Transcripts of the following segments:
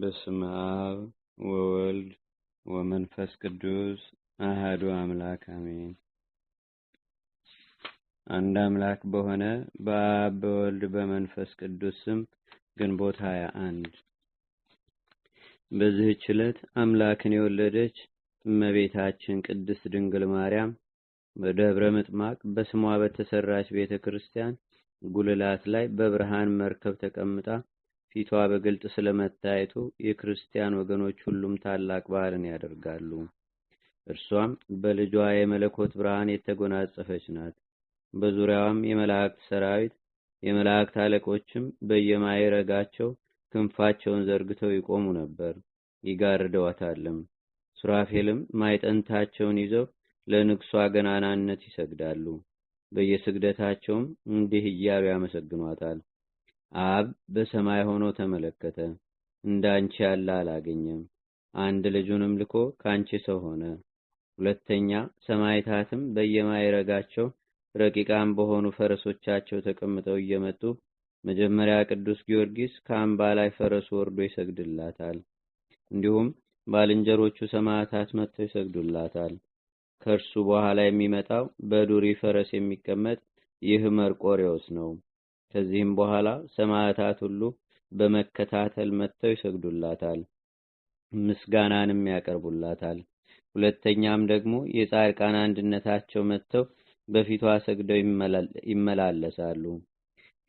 በስመ አብ ወወልድ ወመንፈስ ቅዱስ አህዱ አምላክ አሜን። አንድ አምላክ በሆነ በአብ በወልድ በመንፈስ ቅዱስ ስም ግንቦት ሀያ አንድ በዚህች ዕለት አምላክን የወለደች እመቤታችን ቅድስት ድንግል ማርያም በደብረ ምጥማቅ በስሟ በተሰራች ቤተ ክርስቲያን ጉልላት ላይ በብርሃን መርከብ ተቀምጣ ፊቷ በግልጥ ስለመታየቱ የክርስቲያን ወገኖች ሁሉም ታላቅ በዓልን ያደርጋሉ። እርሷም በልጇ የመለኮት ብርሃን የተጎናጸፈች ናት። በዙሪያዋም የመላእክት ሰራዊት የመላእክት አለቆችም በየማይረጋቸው ክንፋቸውን ዘርግተው ይቆሙ ነበር፣ ይጋርደዋታልም። ሱራፌልም ማይጠንታቸውን ይዘው ለንግሷ ገናናነት ይሰግዳሉ። በየስግደታቸውም እንዲህ እያሉ ያመሰግኗታል። አብ በሰማይ ሆኖ ተመለከተ፣ እንዳንቺ ያለ አላገኘም። አንድ ልጁንም ልኮ ካንቺ ሰው ሆነ። ሁለተኛ ሰማይታትም በየማይረጋቸው ረቂቃን በሆኑ ፈረሶቻቸው ተቀምጠው እየመጡ መጀመሪያ ቅዱስ ጊዮርጊስ ከአምባ ላይ ፈረሱ ወርዶ ይሰግድላታል። እንዲሁም ባልንጀሮቹ ሰማዕታት መጥተው ይሰግዱላታል። ከእርሱ በኋላ የሚመጣው በዱሪ ፈረስ የሚቀመጥ ይህ መርቆሬዎስ ነው። ከዚህም በኋላ ሰማዕታት ሁሉ በመከታተል መጥተው ይሰግዱላታል፣ ምስጋናንም ያቀርቡላታል። ሁለተኛም ደግሞ የጻድቃን አንድነታቸው መጥተው በፊቷ ሰግደው ይመላለሳሉ።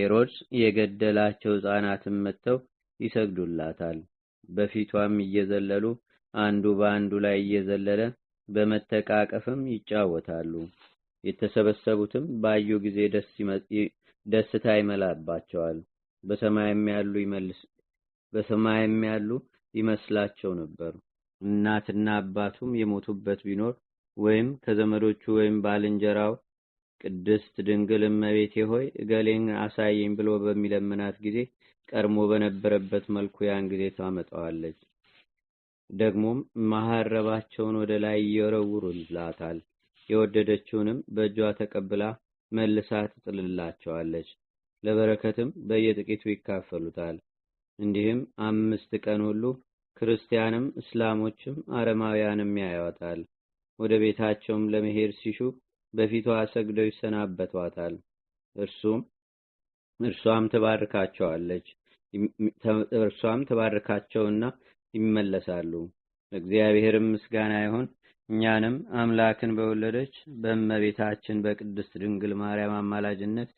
ሄሮድስ የገደላቸው ሕፃናትም መጥተው ይሰግዱላታል። በፊቷም እየዘለሉ አንዱ በአንዱ ላይ እየዘለለ በመተቃቀፍም ይጫወታሉ። የተሰበሰቡትም ባዩ ጊዜ ደስታ ይመላባቸዋል። በሰማይም ያሉ ይመልስ በሰማይም ያሉ ይመስላቸው ነበር። እናትና አባቱም የሞቱበት ቢኖር ወይም ከዘመዶቹ ወይም ባልንጀራው ቅድስት ድንግል እመቤቴ ሆይ እገሌን አሳየኝ ብሎ በሚለምናት ጊዜ ቀድሞ በነበረበት መልኩ ያን ጊዜ ታመጣዋለች። ደግሞም ማሐረባቸውን ወደ ላይ ይወረውሩላታል። የወደደችውንም በእጇ ተቀብላ መልሳ ትጥልላቸዋለች። ለበረከትም በየጥቂቱ ይካፈሉታል። እንዲህም አምስት ቀን ሁሉ ክርስቲያንም እስላሞችም አረማውያንም ያዩዋታል። ወደ ቤታቸውም ለመሄድ ሲሹ በፊቷ ሰግደው ይሰናበቷታል። እርሱም እርሷም ትባርካቸዋለች። እርሷም ትባርካቸውና ይመለሳሉ። ለእግዚአብሔርም ምስጋና ይሁን። እኛንም አምላክን በወለደች በእመቤታችን በቅድስት ድንግል ማርያም አማላጅነት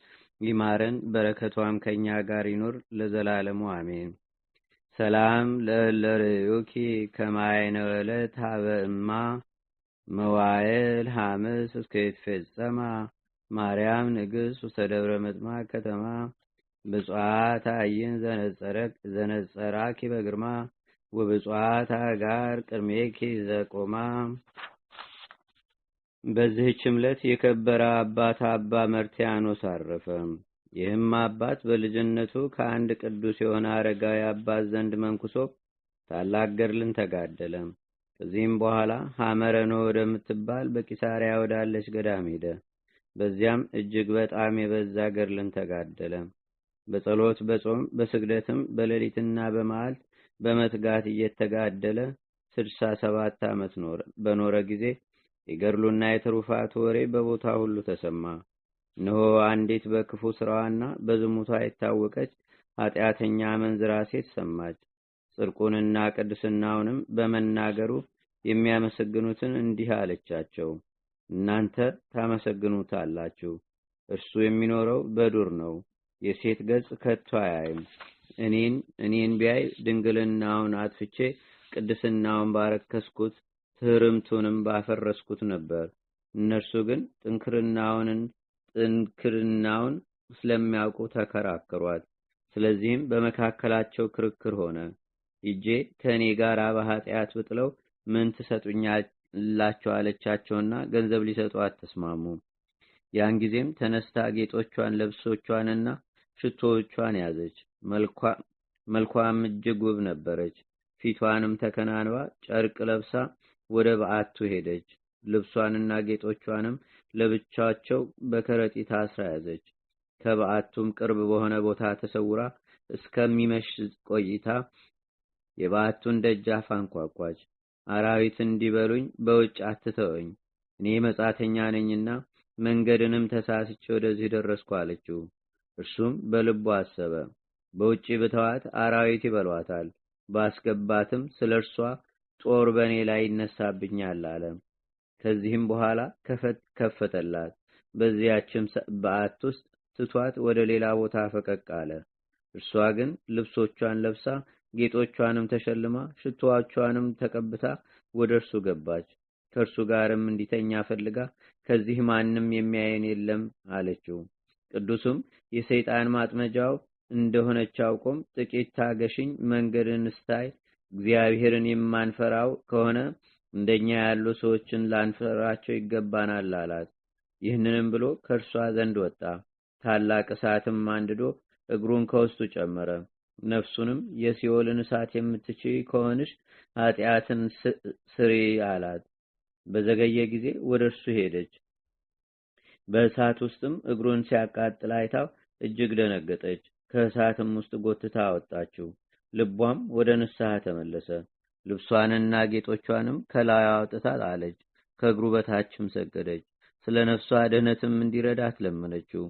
ይማረን፣ በረከቷም ከእኛ ጋር ይኖር ለዘላለሙ አሜን። ሰላም ለእለርእዩኪ ከማይነ ወለት ሀበ እማ መዋየል ሐምስ እስከ የትፌጸማ ማርያም ንግሥ ውስተ ደብረ ምጥማቅ ከተማ ብፅዓት አይን ዘነጸራኪ በግርማ ወብጽዋት አጋር ቅድሜኪ ዘቆማ በዚህችም ዕለት የከበረ አባት አባ መርቲያኖስ አረፈ። ይህም አባት በልጅነቱ ከአንድ ቅዱስ የሆነ አረጋዊ አባት ዘንድ መንኩሶ ታላቅ ገርልን ተጋደለ። ከዚህም በኋላ ሐመረኖ ወደምትባል በቂሳሪያ ወዳለች ገዳም ሄደ። በዚያም እጅግ በጣም የበዛ ገድልን ተጋደለ። በጸሎት በጾም በስግደትም በሌሊትና በመዓልት በመትጋት እየተጋደለ ስድሳ ሰባት ዓመት በኖረ ጊዜ የገድሉና የትሩፋቱ ወሬ በቦታ ሁሉ ተሰማ። እነሆ አንዲት በክፉ ስራዋና በዝሙቷ የታወቀች ኃጢአተኛ መንዝራ ሴት ሰማች። ጽርቁንና ቅድስናውንም በመናገሩ የሚያመሰግኑትን እንዲህ አለቻቸው፣ እናንተ ታመሰግኑታላችሁ፣ እርሱ የሚኖረው በዱር ነው፣ የሴት ገጽ ከቶ አያይም። እኔን እኔን ቢያይ ድንግልናውን አጥፍቼ ቅድስናውን ባረከስኩት ትርምቱንም ባፈረስኩት ነበር። እነርሱ ግን ጥንክርናውንን ጥንክርናውን ስለሚያውቁ ተከራከሯት። ስለዚህም በመካከላቸው ክርክር ሆነ። እጄ ከእኔ ጋር በኃጢአት ብጥለው ምን ትሰጡኛላቸው አለቻቸውና ገንዘብ ሊሰጡ አትስማሙ። ያን ጊዜም ተነስታ ጌጦቿን፣ ለብሶቿንና ሽቶዎቿን ያዘች። መልኳም እጅግ ውብ ነበረች። ፊቷንም ተከናንባ ጨርቅ ለብሳ ወደ በዓቱ ሄደች። ልብሷንና ጌጦቿንም ለብቻቸው በከረጢት አስራ ያዘች። ከበዓቱም ቅርብ በሆነ ቦታ ተሰውራ እስከሚመሽ ቆይታ የበዓቱን ደጃፍ አንኳኳች። አራዊት እንዲበሉኝ በውጭ አትተወኝ፣ እኔ መጻተኛ ነኝና መንገድንም ተሳስቼ ወደዚህ ደረስኩ አለችው። እርሱም በልቡ አሰበ፣ በውጭ ብተዋት አራዊት ይበሏታል፣ ባስገባትም ስለ እርሷ ጦር በእኔ ላይ ይነሳብኛል አለ። ከዚህም በኋላ ከፈት ከፈተላት። በዚያችም በአት ውስጥ ትቷት ወደ ሌላ ቦታ ፈቀቅ አለ። እርሷ ግን ልብሶቿን ለብሳ ጌጦቿንም ተሸልማ ሽቶዋቿንም ተቀብታ ወደ እርሱ ገባች። ከእርሱ ጋርም እንዲተኛ ፈልጋ ከዚህ ማንም የሚያየን የለም አለችው። ቅዱሱም የሰይጣን ማጥመጃው እንደሆነች አውቆም ጥቂት ታገሽኝ፣ መንገድን ስታይ እግዚአብሔርን የማንፈራው ከሆነ እንደኛ ያሉ ሰዎችን ላንፈራቸው ይገባናል አላት። ይህንንም ብሎ ከእርሷ ዘንድ ወጣ። ታላቅ እሳትም አንድዶ እግሩን ከውስጡ ጨመረ። ነፍሱንም የሲኦልን እሳት የምትችይ ከሆንሽ ኃጢአትን ስሪ አላት። በዘገየ ጊዜ ወደ እርሱ ሄደች። በእሳት ውስጥም እግሩን ሲያቃጥል አይታው እጅግ ደነገጠች። ከእሳትም ውስጥ ጎትታ አወጣችው። ልቧም ወደ ንስሐ ተመለሰ። ልብሷንና ጌጦቿንም ከላያ አውጥታ ጣለች። ከእግሩ በታችም ሰገደች። ስለ ነፍሷ ድህነትም እንዲረዳት ለመነችው።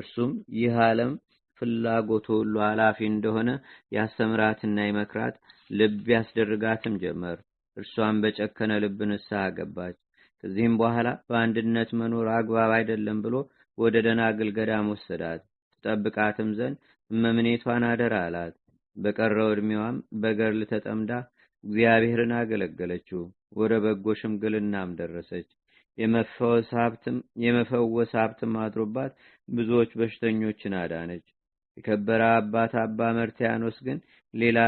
እርሱም ይህ ዓለም ፍላጎቱ ሁሉ ኃላፊ እንደሆነ ያስተምራትና ይመክራት፣ ልብ ያስደርጋትም ጀመር። እርሷን በጨከነ ልብ ንስሐ ገባች። ከዚህም በኋላ በአንድነት መኖር አግባብ አይደለም ብሎ ወደ ደናግል ገዳም ወሰዳት። ትጠብቃትም ዘንድ መምኔቷን አደራ አላት። በቀረው ዕድሜዋም በገርል ተጠምዳ እግዚአብሔርን አገለገለችው። ወደ በጎ ሽምግልናም ደረሰች። የመፈወስ ሀብትም አድሮባት ብዙዎች በሽተኞችን አዳነች። የከበረ አባት አባ መርቲያኖስ ግን ሌላ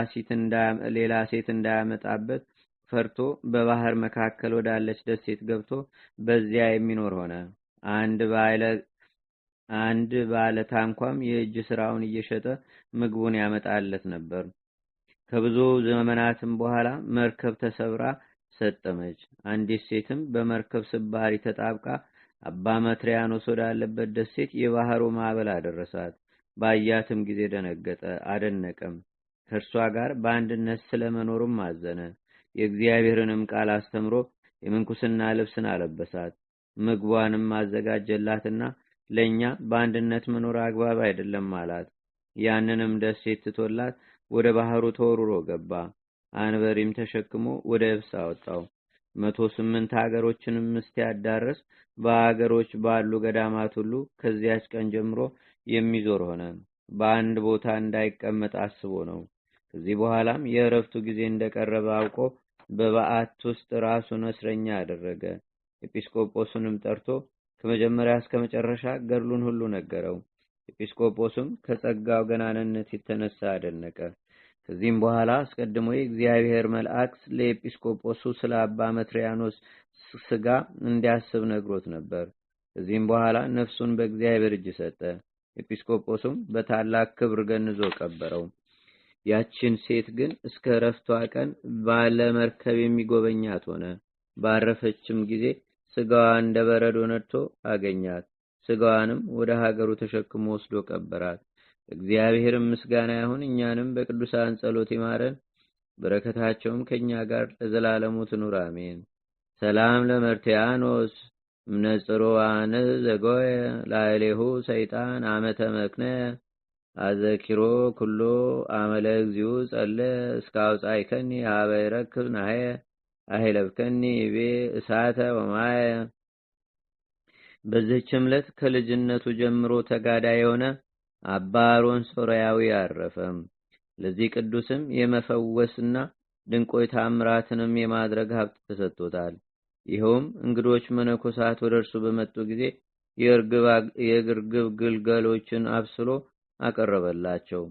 ሴት እንዳያመጣበት ፈርቶ በባህር መካከል ወዳለች ደሴት ገብቶ በዚያ የሚኖር ሆነ። አንድ አንድ ባለ ታንኳም የእጅ ስራውን እየሸጠ ምግቡን ያመጣለት ነበር። ከብዙ ዘመናትም በኋላ መርከብ ተሰብራ ሰጠመች። አንዲት ሴትም በመርከብ ስባሪ ተጣብቃ አባ መትሪያኖስ ወዳለበት ደሴት የባህሩ ማዕበል አደረሳት። ባያትም ጊዜ ደነገጠ፣ አደነቀም። ከእርሷ ጋር በአንድነት ስለመኖሩም አዘነ። የእግዚአብሔርንም ቃል አስተምሮ የምንኩስና ልብስን አለበሳት። ምግቧንም አዘጋጀላትና ለእኛ በአንድነት መኖር አግባብ አይደለም አላት። ያንንም ደሴት ትቶላት ወደ ባህሩ ተወርሮ ገባ። አንበሪም ተሸክሞ ወደ እብስ አወጣው። መቶ ስምንት ሀገሮችንም እስኪያዳርስ በሀገሮች ባሉ ገዳማት ሁሉ ከዚያች ቀን ጀምሮ የሚዞር ሆነ። በአንድ ቦታ እንዳይቀመጥ አስቦ ነው። ከዚህ በኋላም የእረፍቱ ጊዜ እንደቀረበ አውቆ በበዓት ውስጥ ራሱን እስረኛ አደረገ። ኤጲስቆጶስንም ጠርቶ ከመጀመሪያ እስከ መጨረሻ ገድሉን ሁሉ ነገረው። ኤጲስቆጶስም ከጸጋው ገናንነት የተነሳ አደነቀ። ከዚህም በኋላ አስቀድሞ የእግዚአብሔር መልአክ ለኤጲስቆጶሱ ስለ አባ መትሪያኖስ ስጋ እንዲያስብ ነግሮት ነበር። ከዚህም በኋላ ነፍሱን በእግዚአብሔር እጅ ሰጠ። ኤጲስቆጶስም በታላቅ ክብር ገንዞ ቀበረው። ያችን ሴት ግን እስከ እረፍቷ ቀን ባለ መርከብ የሚጎበኛት ሆነ። ባረፈችም ጊዜ ስጋዋ እንደ በረዶ ነድቶ አገኛት። ስጋዋንም ወደ ሀገሩ ተሸክሞ ወስዶ ቀበራት። እግዚአብሔርም ምስጋና ይሁን፣ እኛንም በቅዱሳን ጸሎት ይማረን፣ በረከታቸውም ከእኛ ጋር ለዘላለሙ ትኑር አሜን። ሰላም ለመርትያኖስ እምነጽሮ አነ ዘጎየ ላይሌሁ ሰይጣን አመተ መክነ አዘኪሮ ኩሎ አመለ እግዚኡ ጸለ እስካውፃይከኒ ሀበ ረክብ ናሄ አይለብከኒ ቤ እሳተ ወማየ በዚህች ዕለት ከልጅነቱ ጀምሮ ተጋዳ የሆነ አባ አሮን ሶርያዊ ለዚህ ቅዱስም የመፈወስና ድንቆይ ታምራትንም የማድረግ ሀብት ተሰጥቶታል። ይኸውም እንግዶች መነኮሳት ወደ እርሱ በመጡ ጊዜ የእርግብ ግልገሎችን አብስሎ አቀረበላቸው።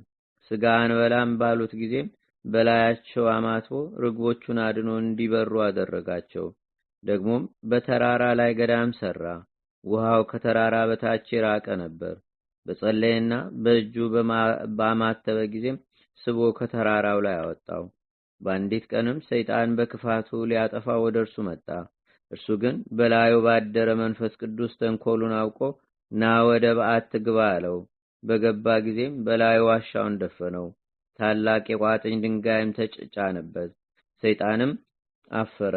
ስጋ አንበላም ባሉት ጊዜም በላያቸው አማቶ ርግቦቹን አድኖ እንዲበሩ አደረጋቸው። ደግሞም በተራራ ላይ ገዳም ሰራ። ውሃው ከተራራ በታች የራቀ ነበር። በጸለየና በእጁ ባማተበ ጊዜም ስቦ ከተራራው ላይ አወጣው። በአንዲት ቀንም ሰይጣን በክፋቱ ሊያጠፋ ወደ እርሱ መጣ። እርሱ ግን በላዩ ባደረ መንፈስ ቅዱስ ተንኮሉን አውቆ ና ወደ በዓት ግባ አለው። በገባ ጊዜም በላዩ ዋሻውን ደፈነው። ታላቅ የቋጥኝ ድንጋይም ተጫነበት። ሰይጣንም አፈረ።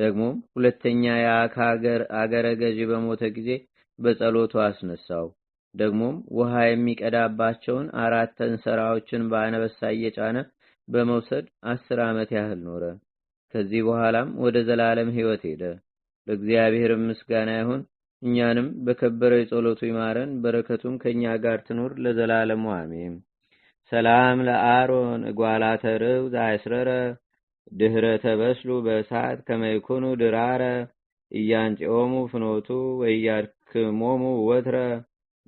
ደግሞ ሁለተኛ ያ አገረ ገዢ በሞተ ጊዜ በጸሎቱ አስነሳው። ደግሞም ውሃ የሚቀዳባቸውን አራት እንስራዎችን በአነበሳ እየጫነ በመውሰድ አስር ዓመት ያህል ኖረ። ከዚህ በኋላም ወደ ዘላለም ሕይወት ሄደ። ለእግዚአብሔር ምስጋና ይሁን። እኛንም በከበረ የጸሎቱ ይማረን፣ በረከቱም ከእኛ ጋር ትኑር ለዘላለሙ አሜን። ሰላም ለአሮን እጓላተ ተርብ ዛይስረረ ድህረ ተበስሉ በእሳት ከመይኩኑ ድራረ እያንጭኦሙ ፍኖቱ ወእያድክሞሙ ወትረ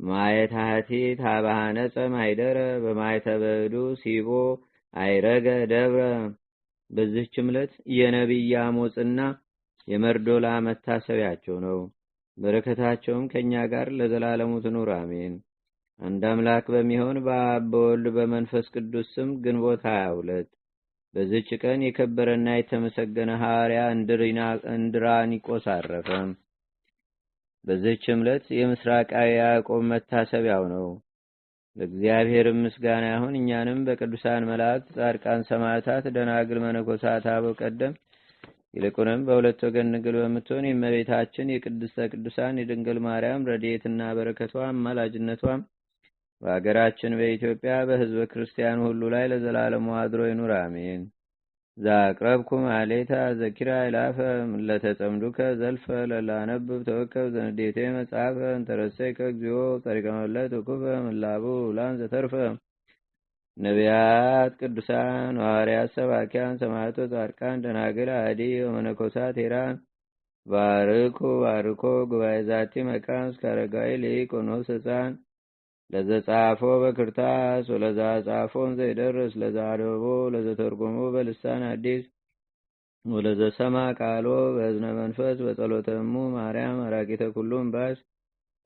ማየታህቲ ታባሃነፀ ማይደረ በማይተበዱ ሲቦ አይረገ ደብረ በዚህች ዕለት የነቢይ አሞጽና የመርዶላ መታሰቢያቸው ነው። በረከታቸውም ከእኛ ጋር ለዘላለሙ ትኑር አሜን። አንድ አምላክ በሚሆን በአብ በወልድ በመንፈስ ቅዱስ ስም ግንቦት 22 በዚች ቀን የከበረና የተመሰገነ ሐዋርያ እንድራኒቆስ አረፈ። በዚች እምለት የምስራቃዊ ያዕቆብ መታሰቢያው ነው። ለእግዚአብሔር ምስጋና ይሁን። እኛንም በቅዱሳን መላእክት፣ ጻድቃን፣ ሰማዕታት፣ ደናግል፣ መነኮሳት፣ አበው ቀደም ይልቁንም በሁለት ወገን ንግል በምትሆን የእመቤታችን የቅድስተ ቅዱሳን የድንግል ማርያም ረድኤትና በረከቷ አማላጅነቷም በአገራችን በኢትዮጵያ በህዝበ ክርስቲያኑ ሁሉ ላይ ለዘላለሙ አድሮ ይኑር አሜን። ዛቅረብኩ ማሌታ ዘኪራ ይላፈ ለተጸምዱከ ዘልፈ ለላነብብ ተወከብ ዘንዴቴ መጽሐፈ እንተረሰይ እግዚኦ ጠሪቀመለት እኩፈ ምላቡ ላን ዘተርፈ ነቢያት፣ ቅዱሳን፣ ሐዋርያት፣ ሰባኪያን፣ ሰማዕታት፣ ጻድቃን፣ ደናግል፣ አዲ ወመነኮሳት ሄራን ባርኩ ባርኮ ጉባኤ ዛቲ መቃን እስከ አረጋዊ ልኢቅ ወኖስ ህፃን ለዘጻፎ በክርታስ ወለዛ ጻፎን ዘይደርስ ለዛ ለዘተርጎሞ በልሳን አዲስ ወለዘሰማ ቃሎ በእዝነ መንፈስ በጸሎተሙ ማርያም አራቂተ ኩሉም ባስ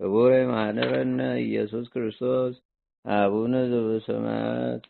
ክቡረ ማህደረነ ኢየሱስ ክርስቶስ አቡነ ዘበሰማያት